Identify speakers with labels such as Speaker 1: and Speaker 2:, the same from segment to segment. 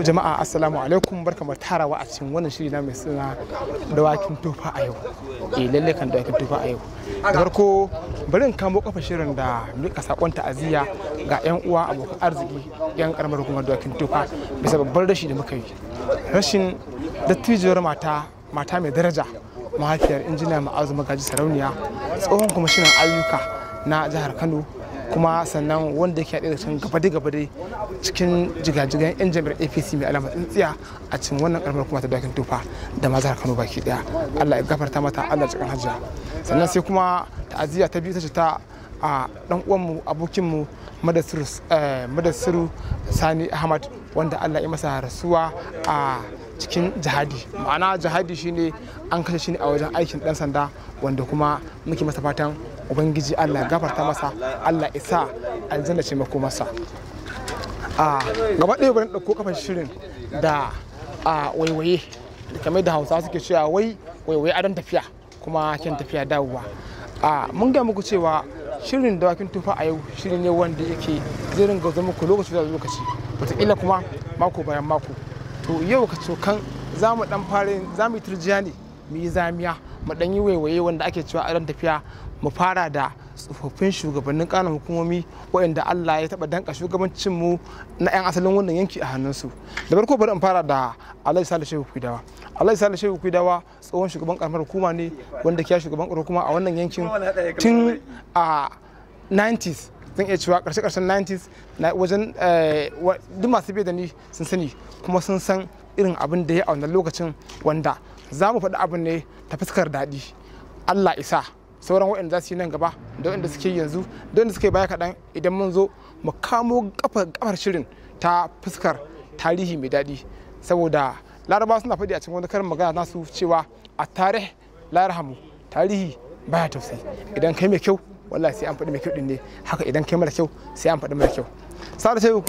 Speaker 1: jama'a assalamu alaikum mu tarawa a cikin wannan shiri na mai suna dawakin tofa a yau eh lalle kan dawakin tofa a yau da farko bari in kamo kafa shirin da mika sakon ta'aziyya ga yan uwa abokan arziki yan karamar hukumar dawakin tofa bisa babbar rashi da muka yi rashin dattijowar mata mata mai daraja mahaifiyar injiniya ma'azu magaji sarauniya tsohon kwamishinan ayyuka na jihar kano kuma sannan wanda yake da can gabade-gabade cikin jigajigan yan jami'ar apc mai alama tsintsiya a cikin wannan karamar kuma ta dakin tufa da ma jihar kano baki daya allah ya gafarta mata allah cikin hajjiya sannan sai kuma ta'aziyya ta biyu ta ce ta a dan uwanmu abokinmu eh, madasiru sani ahmad wanda allah ya masa rasuwa a cikin jihadi ma'ana jihadi shine an kashe shi ne a wajen aikin dan sanda wanda kuma muke masa fatan ubangiji allah gafarta masa allah isa aljanna ce mako masa a gaba ɗaya bari ɗauko kafan shirin da a waiwaye kamar da Hausa suke cewa wai waiwaye adon tafiya kuma kyan tafiya dawowa a mun ga muku cewa shirin da wakin tufa a yau shirin ne wanda yake zirin ga zama muku lokaci da lokaci wataƙila kuma mako bayan mako to yau ka kan za mu ɗan fara za mu yi turjiya ne mu yi zamiya mu dan yi waiwaye wanda ake cewa a tafiya mu fara da tsofaffin shugabannin kanan hukumomi waɗanda Allah ya taɓa danka shugabancin mu na 'yan asalin wannan yanki a hannunsu da farko bari in fara da Alhaji Sale Shehu Kuidawa Alhaji Sale Shehu Kuidawa tsohon shugaban karamar hukuma ne wanda ke shugaban karamar hukuma a wannan yankin tun a 90s zan iya cewa karshe karshen 90s na wajen eh, duk masu bai da ni sun sani kuma sun san irin abin da ya a wannan lokacin wanda za mu faɗi abin ne ta fuskar daɗi allah isa sauran waɗanda za su yi nan gaba da waɗanda suke yanzu da suke baya kaɗan idan mun zo mu kamo ƙafar shirin ta fuskar tarihi mai daɗi saboda laraba suna faɗi a cikin wani karin magana nasu cewa a tarih larhamu tarihi baya tausayi idan kai mai kyau wallahi sai an faɗi mai kyau din ne haka idan kai mara kyau sai an faɗi mara kyau sa'ar shehu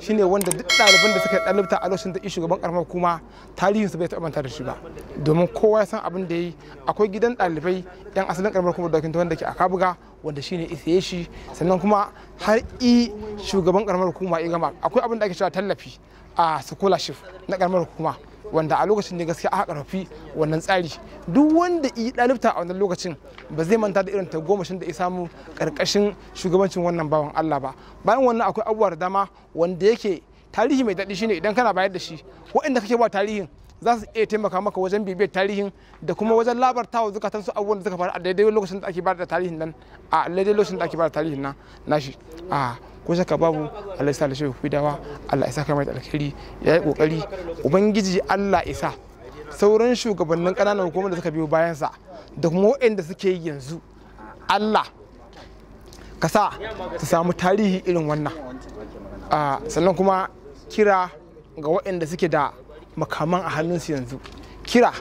Speaker 1: shi shine wanda duk ɗaliban da suka ɗalibta a lokacin da ishi gaban karamar kuma tarihin su bai taɓa manta da shi ba domin kowa ya san abin da yi akwai gidan ɗalibai yan asalin karamar kuma dokin wanda ke a kabuga wanda shine ya shi sannan kuma har i shugaban karamar hukuma ya gama akwai abin da ake cewa tallafi a scholarship na karamar hukuma wanda a lokacin ne gaskiya aka karfafi wannan tsari duk wanda yi dalibta a wannan lokacin ba zai manta da irin ta tagomashin da ya samu karkashin shugabancin wannan bawan Allah ba bayan wannan akwai abubuwa da dama wanda yake tarihi mai daɗi shine idan kana bayar da shi wa'inda kake ba tarihin za su iya taimaka maka wajen bibiyar tarihin da kuma wajen labartawa zukatan su abubuwan da suka faru a daidai lokacin da ake ba da tarihin nan a daidai lokacin da ake ba da tarihin nan nashi a ko saka babu Allah ya sa da shi dawa Allah ya saka mai alkhairi ya kokari ubangiji Allah isa sauran shugabannin kananan hukumar da suka biyo sa da kuma waɗanda suke yi yanzu Allah ka sa su samu tarihi irin wannan sannan kuma kira ga waɗanda suke da makaman a hannunsu yanzu kira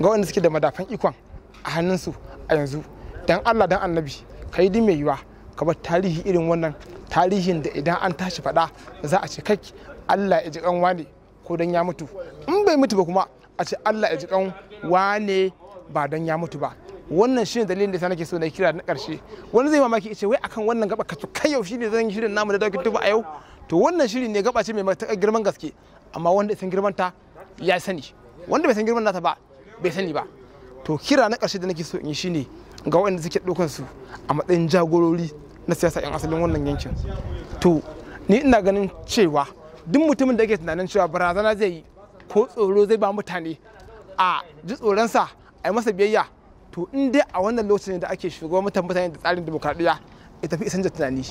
Speaker 1: ga wanda suke da madafan ikon a hannunsu a yanzu dan allah dan annabi ka yi mai yiwa ka bar tarihi irin wannan tarihin da idan an tashi faɗa za a ce kai allah ya ji kan wane ko dan ya mutu in bai mutu ba kuma a ce allah ya ji kan wane ba dan ya mutu ba wannan shine dalilin da nake so na kira na karshe wani zai mamaki ce wai akan wannan gaba kacu kai yau shine zan yi shirin namu da dauki tuba a yau to wannan shiri ne gaba ce mai girman gaske amma wanda isan girman ta ya sani wanda bai san girman nata ba bai sani ba to kira na ƙarshe da nake so in yi shine ga waɗanda suke ɗaukan su a matsayin jagorori na siyasa 'yan asalin wannan yankin to ni ina ganin cewa duk mutumin da ke tunanin cewa barazana zai yi ko tsoro zai ba mutane a ji tsoronsa a yi masa biyayya to in dai a wannan lokacin da ake shugaban mutan mutane da tsarin demokradiyya ya tafi isan da tunani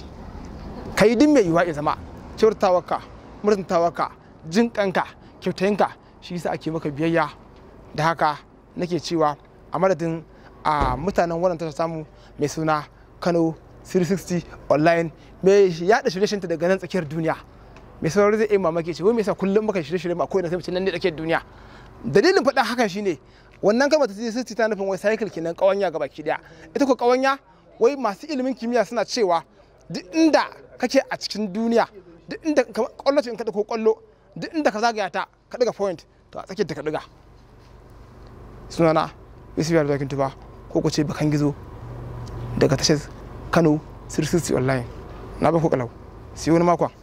Speaker 1: kai yi duk mai yiwa ya zama kyautatawa ka mutuntawa ka jin kanka kyautayinka shi yasa ake maka biyayya da haka nake cewa a madadin a mutanen wannan tasha samu mai suna kano 360 online mai yada shirye-shiryenta daga nan tsakiyar duniya mai sauran zai iya mamaki ce wai mai sa kullum muka shirye-shirye ma kowane sai nan ne tsakiyar duniya dalilin faɗa shi shine wannan kama ta 360 ta nufin wai cycle kenan kawanya gaba ki daya ita ko kawanya wai masu ilimin kimiyya suna cewa duk inda kake a cikin duniya duk inda kwallo ce in ka ko kwallo duk inda ka zagaya ta ka daga point to a tsakiyar ta ka diga sunana yusuf da zakin ba ko ku bakan gizo daga tashar kano sirsis online na ba ku kalau sai wani makon